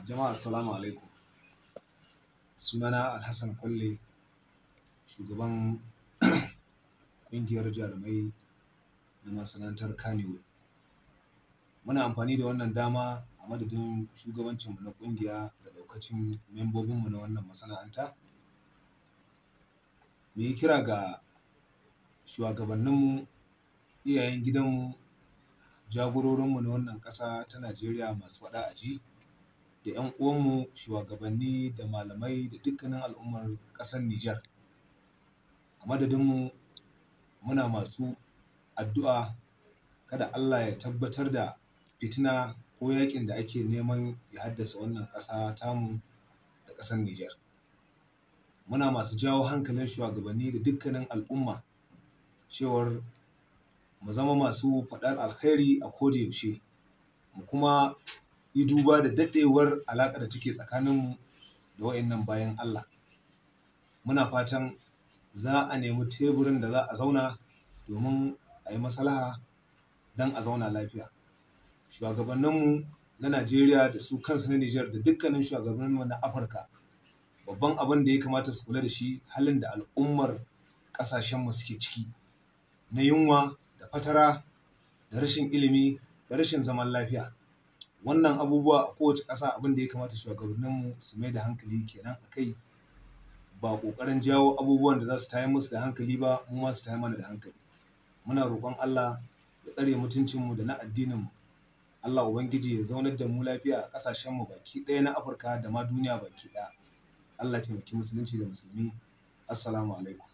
jama'a assalamu alaikum sunana alhassan kwalle shugaban ƙungiyar jarumai na masana'antar kanewo muna amfani da wannan dama a madadin shugabancinmu na ƙungiya da ɗaukacin membobinmu na wannan masana'anta mu yi kira ga shugabanninmu iyayen gidanmu jagororinmu na wannan ƙasa ta najeriya masu faɗa a ji da 'yan uwanmu shugabanni da malamai da dukkanin al'ummar ƙasar Nijar. A madadinmu muna masu addu'a kada Allah ya tabbatar da fitina ko yaƙin da ake neman ya haddasa wannan ƙasa tamu da ƙasar Nijar. Muna masu jawo hankalin shugabanni da dukkanin al'umma cewar mu zama masu faɗar alkhairi a koda yaushe mu kuma yi duba da daɗewar alaƙa da take tsakaninmu da wa'annan bayan Allah muna fatan za a nemi teburin da za a zauna domin a yi masalaha don a zauna lafiya shugabanninmu na Najeriya da su kansu na Nijar da dukkanin shugabanninmu na Afirka babban abin da ya kamata su kula da shi halin da al'ummar ƙasashenmu suke ciki na yunwa da fatara da rashin ilimi da rashin zaman lafiya wannan abubuwa a kowace ƙasa abin da ya kamata shugabanninmu su mai da hankali kenan a kai ba ƙoƙarin jawo abubuwan da za su tayar musu da hankali ba mu ma su tayar mana da hankali muna roƙon Allah ya tsare mutuncinmu da na addininmu Allah Ubangiji ya zaunar da mu lafiya a ƙasashenmu baki ɗaya na Afirka da ma duniya baki ɗaya Allah taimaki musulunci da musulmi assalamu alaikum